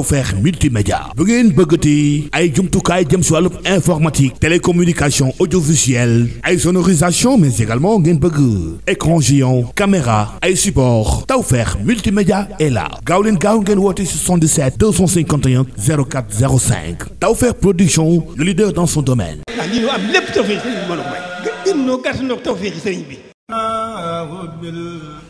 Tawfekh multimédia bu ngeen bëggati ay jumtukaay jëm si wàllu informatique télécommunication audiovisuelle ay sonorisation mais également ngeen bëgg écran géant caméra ay support Tawfekh multimédia est là gaaw gaaw ngeen woote 77 production le leader dans son domaine ah,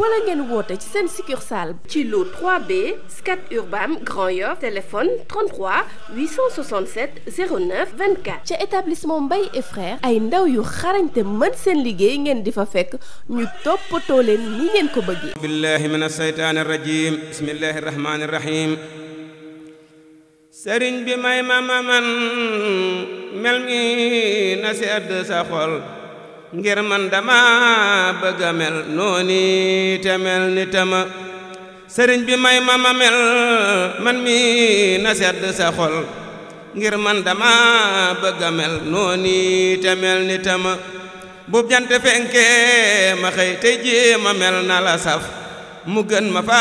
wala ngeen woote ci seen succursale ci lu 3B Scat Urbam Grand Yoff téléphone 33 867 09 24 ca établissement Mbaye et ay ndaw yu xarañte mën seen liggéey ngeen di fa fekk ñu toppatoo leen ni ngeen ko bëggee billahi min asaytaani arrajim bismillahi arrahmani arrahim sëriñ bi may ma man mel mi na sedd sa xol ngir man dama bëgga mel nooni te mel ni tama sëriñ bi may ma ma mel man mi na sedd sa xol ngir man dama bëgga mel nooni te mel ni tama bu jant fenkee ma xëy te jéema mel na la saf mu gën ma fa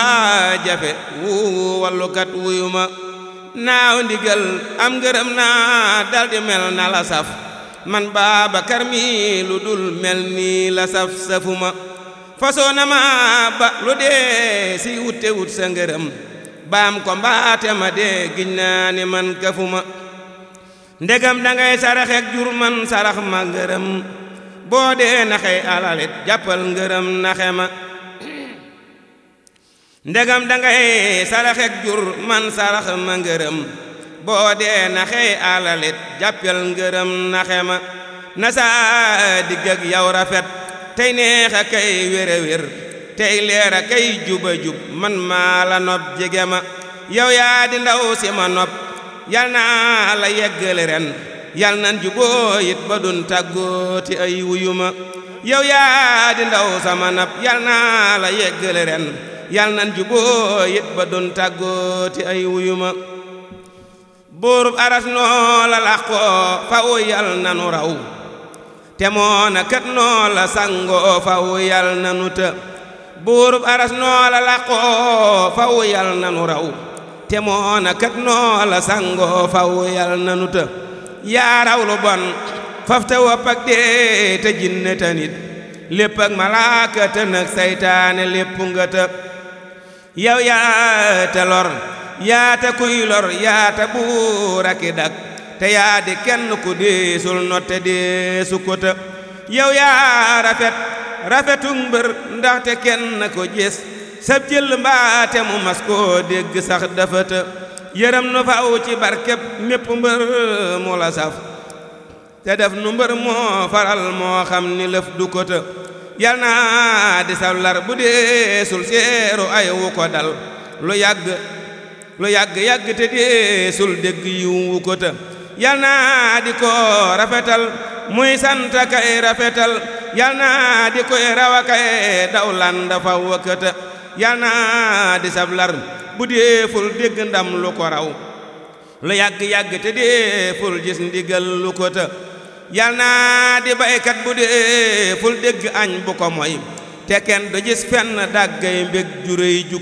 jafe wu wallukat wuyu ma naaw ndigal am ngërëm naa daldi mel na la saf man Baabakar mi lu dul mel nii la saf safuma fasoo na ma ba lu dee si wutte wut sa ngërëm baam ko mbaate ma dee giñ naa ne man kafuma ndegam dangay saraxek jur man sarax ma ngërëm boo dee naxey alalit jàppal ngërëm naxe ma ndegam dangay saraxek jur man sarax ma ngërëm boo dee naxey alalit jàppal ngërëm naxe ma na saa digg yow rafet tey neex kay wér a tey leer kay juba jub man maa la nopp jege ma yow yaa di ndaw si nopp yal naa la yeggale ren yal nan juboo ba dun tàggooti ay wuyu ma yow yaa di ndaw sama nopp yal naa la yeggale ren yal nan juboo ba dun tàggooti ay wuyu buurub aras noo la làqoo faw yal nanu raw te moona kët noo la sangoo faw nanu të buurub aras noo la làqoo faw nanu raw te moona kët noo la sangoo faw nanu të yaa raw lu bon faf te wopp dee te jinne te nit lépp ak malaaka te nag saytaane të yow yaa te lor yaata kuy lor yaata buuraki dak te yaa di kenn ku diisul notte diisu kota yow yaa rafet rafetu mbër ndaxte kenn ko gis sab jël mbaate mu mas koo dégg sax dafa të yërëm nu faw ci barkeb mépp mbër mu la saf te def nu mbër moo faral moo xam ni lëf du kota yal naa di sab lar bu deesul seeru ay ko dal lu yàgg lu yàgg yàgg te deesul dégg yiw wu yal naa di ko rafetal muy sant rafetal yal naa di koy rawa kay daw landa yal naa di sablar bu deeful dégg ndam lu ko raw lu yàgg yàgg te deeful gis ndigal lu yal naa di baykat bu deeful dégg añ bu ko moy te kenn du gis fenn dàggay mbég juréy ju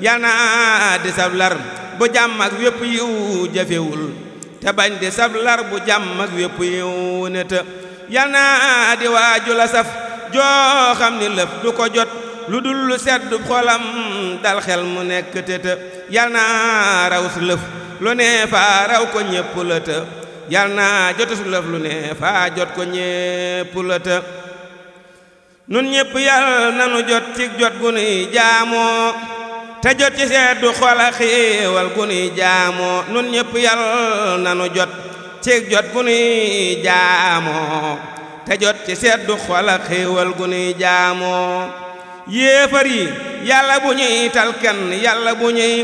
yanaa di sab lar bu jàmm ak wépp yiw jafewul te bañ di sab lar bu jàmm ak wépp yiw ne të yanaa di waaju la saf joo xam ni lëf du ko jot lu dul lu xolam dal xel mu nekk te të yal naa raw su lëf lu ne faa raw ko ñépp la të yal naa jotu lëf lu ne faa jot ko ñépp la të nun ñépp yal nanu jot ci jot gu jaamoo te jot ci seddu xol a xiiwal gu nuy jaamoo nun ñëpp yal nanu jot ci jot gu nuy jaamoo jot ci seddu xol xiiwal gu nuy jaamoo yéefar yi yàlla bu ñuy tal kenn yàlla bu ñuy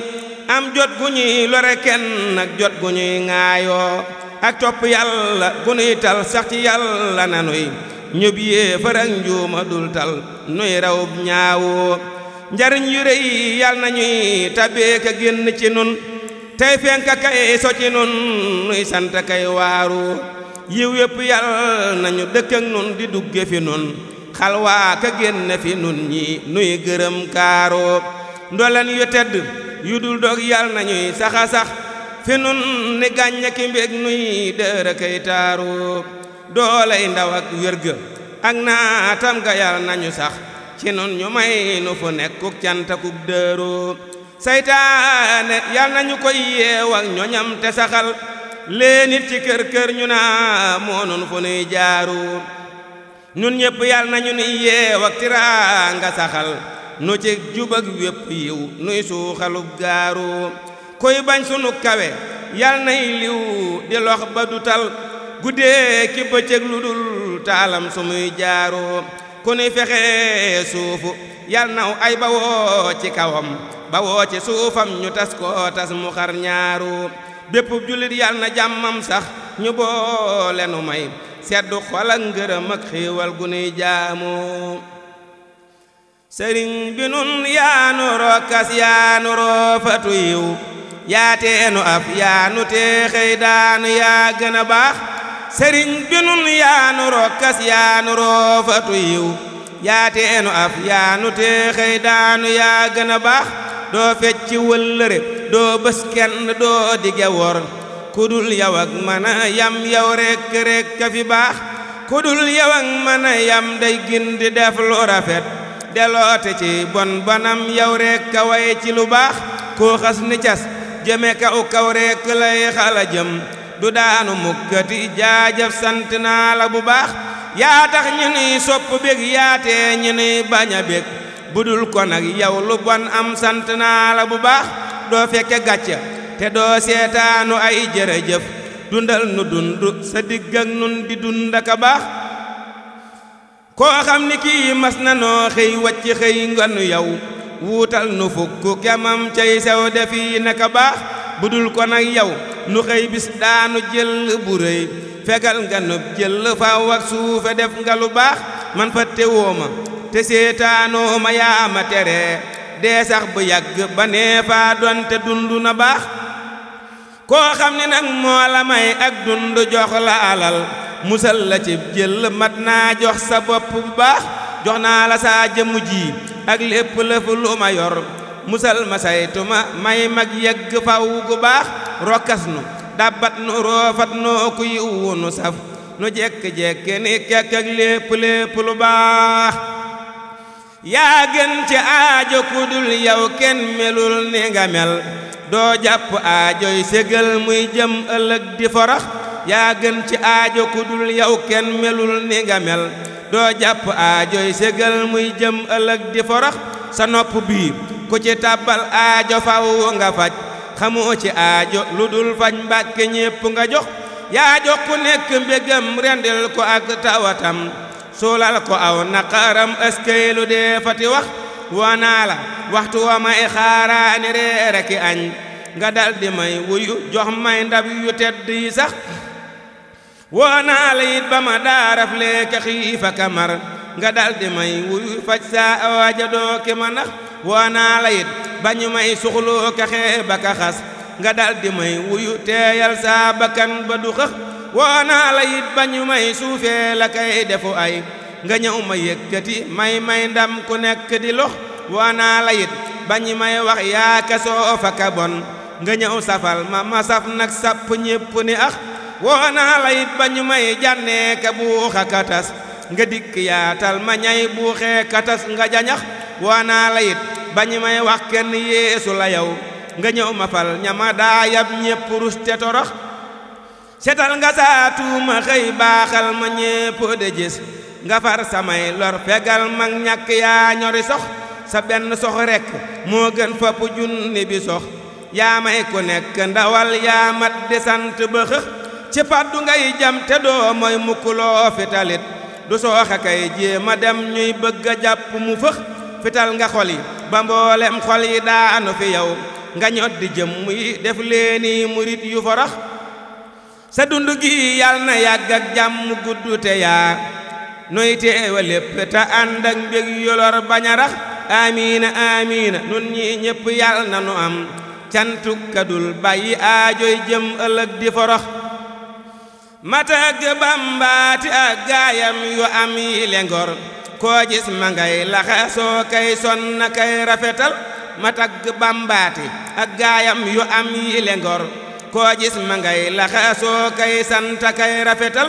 am jot gu ñuy lore kenn ak jot gu ñuy ŋaayoo ak topp yàlla gu tal sax ci yàlla nanuy ñub yéefar ak njuuma dul tal nuy rawub ñaawoo njariñ yu rëy yal nañuy tabeeka génn ci nun tey fenka kay ci nun nuy sant waaru yiw yépp yal nañu dëkk ak nun di dugge fi nun xalwaa ka génn fi nun ñi nuy gërëm kaaru ndoleen yu tedd yu dul dog yal nañuy saxa sax fi nun ni gàñña ki nuy dëra taaru doolay ndaw ak wérga ak naatam ga yal nañu sax ci nun ñu may nu fu nekkuk cantakuk dëeru saytaane yal nañu ko yeew ñoñam te saxal lee ci kër kër ñu naa moo fu nuy jaaru ñun ñépp yal nañu nu yeew ak tiraanga saxal nu ci jub ak yiw nuy suuxalub gaaru koy bañ sunu kawe yal nay liw di lox ba du tal guddee ki bëccëg lu dul taalam su muy ku nuy fexe suufu yal naw ay bawoo ci kawam bawoo ci suufam ñu tas koo tas mu xar ñaaru bépp jullit yal na jàmmam sax ñu boole nu may seddu xol ak ngërëm ak xiiwal gu nuy jaamu sëriñ bi nun yaanu rokkas yaanu roofatu yiw yaateenu ab yaanu teexey daanu yaa gën a baax sëriñ bi nun yaanu rokkas yaanu roofatu yiw yaateenu af yaanu téexëy daanu yaa gën a baax doo fecci wëllëre doo bës kenn doo dige wor ku dul mën a yam yow rekk rekk a fi baax ku dul mën a yam day gindi def lu rafet deloote ci bon banam yow rekk a way ci lu baax koo xas ni cas jëme kaw kaw rekk lay xala jëm du daanu mukkati jaajëf sant naa la bu baax yaa tax ñu nuy sopp bég yaatee ñu nuy bañ a bég budul ko nag yow lu bon am sant naa la bu baax doo fekke gàcca te doo seetaanu ay jërëjëf dundal nu dund sa digg ak nun di dund ak a baax koo xam ni kii mas na noo xëy wacc xëy nga nu yow nu fukk kemam cay sew defi naka baax bu dul ko nag yow nu xëy bis daanu jël bu rëy fegal nga nu jël faaw ak def nga lu baax man fa tewoo ma te seetaanoo ma yaa ma tere dee sax bu yàgg ba nee faa donte dund na baax koo xam ne nag moo la may ak dund jox la alal musal la ci jël mat naa jox sa bopp bu baax jox naa la saa jëmm ji ak lépp lëf lu ma yor musal ma saytuma may mag yegg faw gu baax rokkas nu dàbbat nu roofat noo ku yiwu nu saf nu jekk-jekke ni kekk ak lépp lépp lu baax yaa gën ci aajo ku dul yow kenn melul ni nga mel doo jàpp aajoy ségal muy jëm ëllëg di forox yaa gën ci aajo ku dul yow kenn melul ni nga mel doo jàpp aajoy ségal muy jëm ëllëg di forox sa nopp bii ku ci tàbbal aajo faw nga faj xamoo ci aajo lu dul faj mbàkke ñépp nga jox yaa jox ku nekk mbégam rendil ko ak tawatam suulal ko aw naqaram askay lu dee fati wax wanaa la waxtu wa may xaaraani reere ki añ nga dal may wuyu jox may ndab yu tedd yi sax woonaa la it ba ma daaraf leeka xiifa kamar nga dal may wuyu faj saa awaaja ki ma nax woonaa la it may suxloo ka ba ka xas nga dal may wuyu teeyal saa bakkan ba du xëx woonaa la it bañu may suufee la defu ay nga ñëw ma yëkkati may may ndam ku nekk di lox woonaa la it may wax yaa kasoo bon nga ñëw safal ma ma saf nag sàpp ñépp ni ax woonaa la it may jànnee ka tas nga dikk yaatal ma ñay buuxee tas nga jañax woonaa la it bañu may wax kenn yeesu la yow nga ñëw ma fal ñama daayab ñépp rus te torox setal nga saa tuuma xëy baaxal ma ñépp de gis nga far samay lor fegal mag ñàkk yaa ñori sox sa benn sox rekk moo gën fopp junni bi sox yaa may ku nekk ndawal yaa mat di sant ba xëx ci paddu ngay jam te doo mooy mukkuloo fi talit du sooxa kay jéema dem ñuy bëgg a jàpp mu fëx fital nga xol yi ba mboolem xol yi daa fi yow nga ñot di jëm muy def leeni murit yu forox sa dund gi yàlla na yàgg ak jàmm gudd te yaa noy teewa lépp te ànd ak mbég yu lor amiina amiina nun ñi ñépp yàlla na nu am cantuk kadul bàyyi aajoy jëm ëllëg di forox matag bambaati ak gaayam yu am yi lengor koo gis ma ngay laxasoo kay sonn kay rafetal ma tagg bambaati ak gaayam yu am yi lengor koo gis ma ngay laxasoo kay sant kay rafetal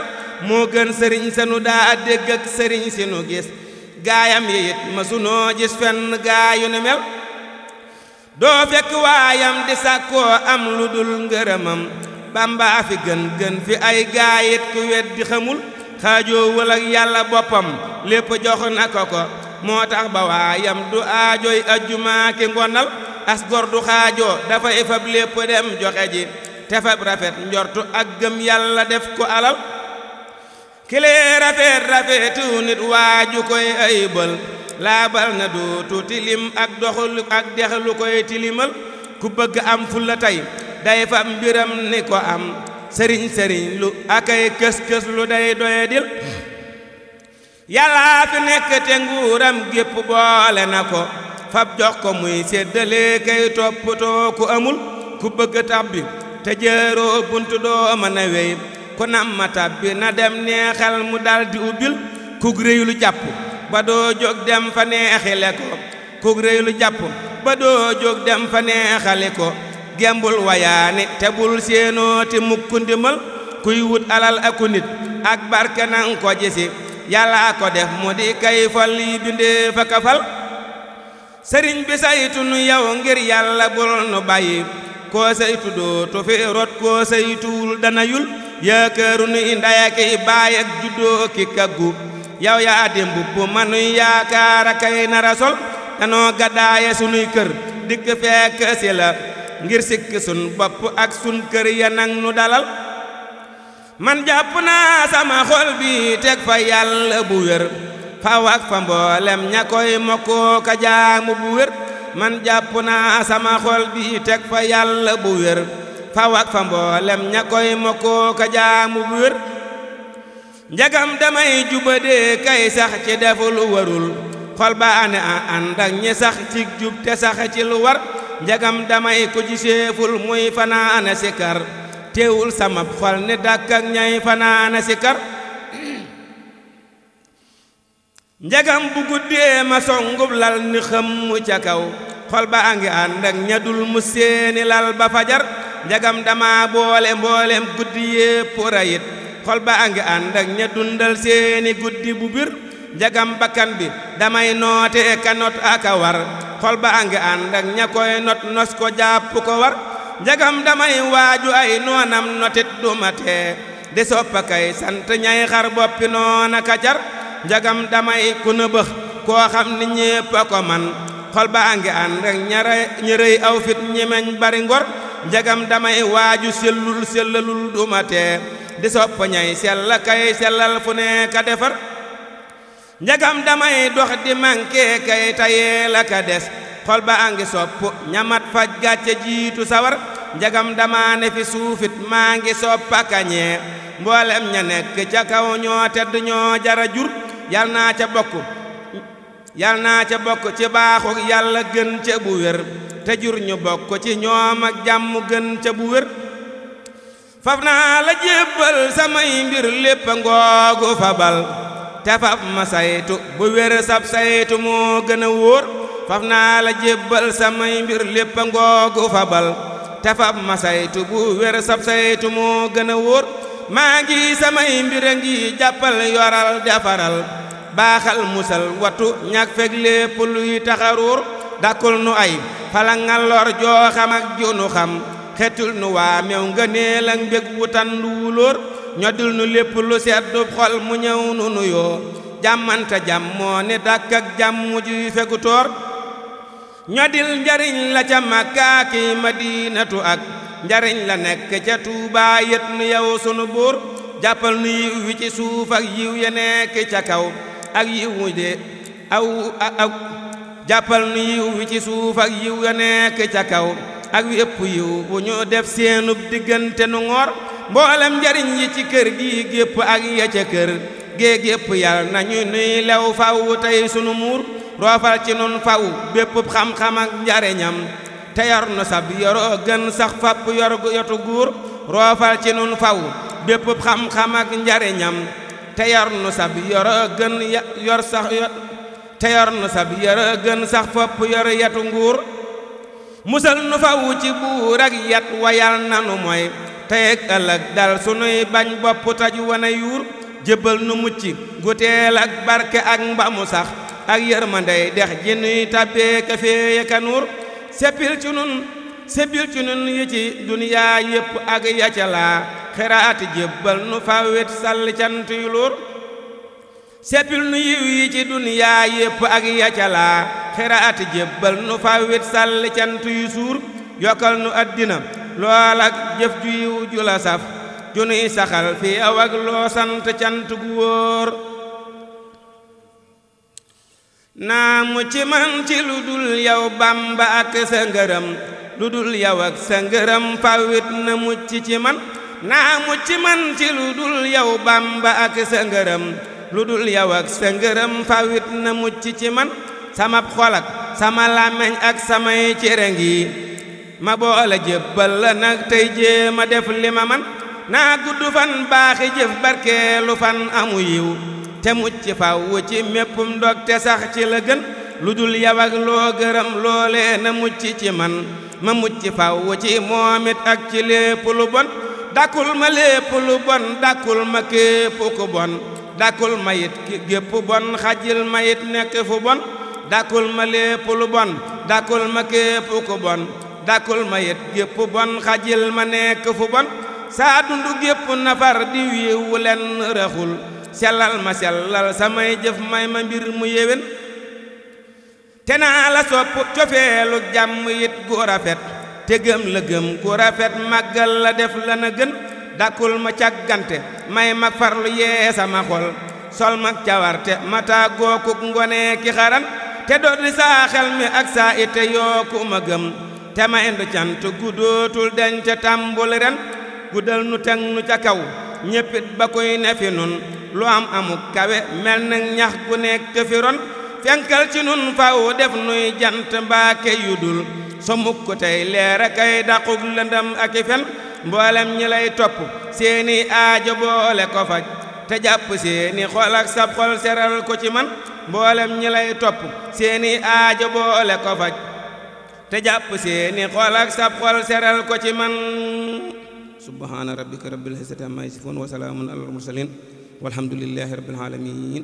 moo gën sëriñ sanu daa dégg ak sëriñ si nu gis gaayam yi it ma sunoo gis fenn gaayu ni mel doo fekk waayam di sàkkoo am lu dul ngërëmam bamba fi gën gën fi ay gaayit ku weddi xamul xaajoowul ak yàlla boppam lépp jox na ko moo tax ba waayam du aajooy ajjuma ki ngonal as gor du xaajoo dafay fab lépp dem joxe ji te fab rafet njortu ak gëm yàlla def ko alal kilee rafet rafetu nit waaju koy ayibal laabal na dootu tilim ak doxul ak dexlu koy tilimal ku bëgg am fulla tey day fab mbiram ni ko am sëriñ sëriñ lu akay kës kës lu day doyadil yàllaa fi nekk te nguuram gépp boole na ko fab jox ko muy séddale kay toppatoo ku amul ku bëgg tàbbi te bunt doo mën a wey ku namma tàbbi na dem neexal mu daldi ubbil kug réyu jàpp ba doo jóg dem fa neexile ko kug réyu jàpp ba doo jóg dem fa neexale ko gembul wayaani te bul séenooti mukku ndimbal kuy wut alal aku nit ak barke nan ko jisi yàlla ko def mu di kay fal yi bindee fa kafal sëriñ bi saytu nu yow ngir yàlla bul nu bàyyi koo saytu dootu fi rot koo saytuwul dana yul yaakaaru nu i baay ak juddoo ki kaggu yow yaa di mbubb manuy yaakaar a kay nara sol sunuy kër dikk fekk si la ngir sikk sun bopp ak sun kër ya nu dalal man jàpp naa sama xol bi teg fa yàlla bu wér faw fa mboolem ña koy mokkoo jaamu bu wér man jàpp naa sama bu wér faw njagam damay jubadee kay sax ci def lu warul xol ba ane a ànd ak ñi sax ci jub te sax ci lu war njagam damay ku giseeful muy fanaana sikar teewul samab xol ne dàkk ak ñay fanaana sikar njagam bu guddee ma songub lal ni xëmm ca kaw xol ba a ngi ànd ak ñadul mu seeni lal ba fajar njagam dama boole mboolem guddi yépp rayit xol ba a ngi ànd ak ña dundal seeni guddi bu bir njagam bakkan bi damay noote kanot aka war xol ba a ngi ànd ak ña koy not nos ko jàpp ko war njagam damay waaju ay noonam notit duma di soppa kay sant ñay xar boppi noona kacar njagam damay ku na koo xam ni ñépp a ko man xol ba a ngi ànd ak ñara aw fit ñemeñ bari ngor njagam damay waaju sellul sellalul duma di soppa ñay sella kay sellal fu ne ka defar njagam damay dox di manqué kay tayee la des xol ba a ngi sopp ñamat faj gàcce jiitu sawar njagam dama ne fi suufit maa ngi sopp a kañee mboolem ña nekk ca kaw ñoo tedd ñoo jara jur yal naa ca bokk yal naa ca bokk ci baaxu yàlla gën ca bu wér te jur ñu bokk ci ñoom ak jàmm gën ca bu wér faf naa la jébbal samay mbir lépp ngoogu fabal te faf ma saytu bu wér sab saytu moo gën a wóor faf naa la jébbal samay mbir lépp a ngoogu fabal te ma saytu bu wér sab saytu moo gën a wóor maa ngi samay mbir a ngi jàppal yoral defaral baaxal musal watu ñak feg lépp luy taxaruur dakkul nu ay falangal joo xam ak ju xam xetul nu waa meew ngëneel ak mbég wutan lu ñodul nu lépp lu seddub xol mu ñëw nu nuyoo jàmmante jàmm moo ne dàkk ak jàmm ji fegu toor ñodil njariñ la ca ma madinatu ak njariñ la nekk ca tuubaa yët nu yow sunu buur jàppal nu yiw wi ci suuf ak yiw ya nekk ca kaw ak yiw wu de aw aw jàppal nu yiw wi ci suuf ak yiw ya nekk ca kaw ak wépp yiw bu ñu def seenub diggante nu ngor mboolem njariñ yi ci kër gi gépp ak ya ca kër gee gépp yal nañu nuy lew faw tey sunu muur roofal ci nun faw bépp xam-xam ak njariñam te nu sab yoroo gën sax fapp yor yetu nguur musal nu faw ci buur ak yat wayal nanu mooy tey ak ëllëg dal sunuy bañ bopp taj na yuur jébbal nu mucc guteel ak barke ak mbamu sax ak yërmandey dex ji nuy tàbbee ka féeye ka seppil ci nun seppil ci nun yi ci duniyaa yépp ak yacalaa xeraati jébbal nu fawwet sàll cant yu luur seppil nu yiw yi ci duniyaa yépp ak yacalaa xeraati jébbal nu fawwet sàll yu suur yokkal nu àddina lool ak jëf ju yiw ju la saf junuy saxal fi aw ak loo sant cant gu wóor naa mu ci man ci lu dul yow bàmba ak sa ngërëm lu dul yow ak sa ngërëm fawit na mucc ci man naa mu ci man ci lu dul yow bàmba ak sa ngërëm lu dul yow sa ngërëm fawit na mucc ci man samab sama làmmiñ ak samay cere ngi ma boole jébbal la nag tey jéem a def li ma man naa gudd fan baaxi jëf barkeelu fan amu yiw te mucc fàww ci méppum dog te sax ci la gën lu dul yaw ak loo gërëm loole na mucc ci man ma mucc fàww ci moomit ak ci lépp lu bon dàkkul ma lépp lu bon dàkkul ma képp ku bon dàkkul ma it gépp bon xajil ma it nekk fu bon dàkkul ma lépp lu bon dàkkul ma képp ku bon dakul ma yet gépp bon xajil ma nekk fu bon saa dund gépp nafar di wiiwu len raxul sellal ma sellal samay jëf may ma mbir mu yéwén te naa la sopp cofeelu jàmm it gu rafet te gëm la gëm ku rafet màggal la def la na gën dakul ma càggante may mag farlu yee sama xol sol mag cawarte ma tàggoo kuk ngone xaran te doon di xel mi ak saa ite yoo ku ma gëm te ma indu cant gu dootul deñ ca tàmbul ren guddal nu teg nu ca kaw ñéppit ba kuy ne fi nun lu am amuk kawe mel na ñax gu nekk fi ron fenkal ci nun faw def nuy jant mbaake yu dul somuk ko tey leer a kay daquk lëndëm ak i fen mboolem ñi lay topp seeni aajo boole ko faj te jàpp seeni xol ak sab xol seral ko ci man mboolem ñi lay topp seeni aajo boole ko faj te jàpp seeni xol ak sab xol seral ko ci man subhaana rabbika rabbil izzati amma yasifuun wa salaamun alal mursaliin walhamdulillahi rabbil aalamiin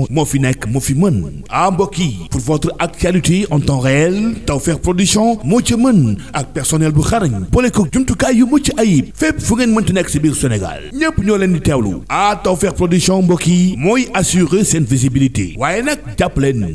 moo fi nekk moo fi mën ah mbokk yi pour votre actualité en temps réel Tawfekh production moo ci mën ak personnel bu xarañ boole ko jumtukaay yu mucc ayib fépp fu ngeen mënti nekk si biir Sénégal ñépp ñoo leen di teewlu ah Tawfekh production mbokk yi mooy assurer seen visibilité waaye nag jàpp leen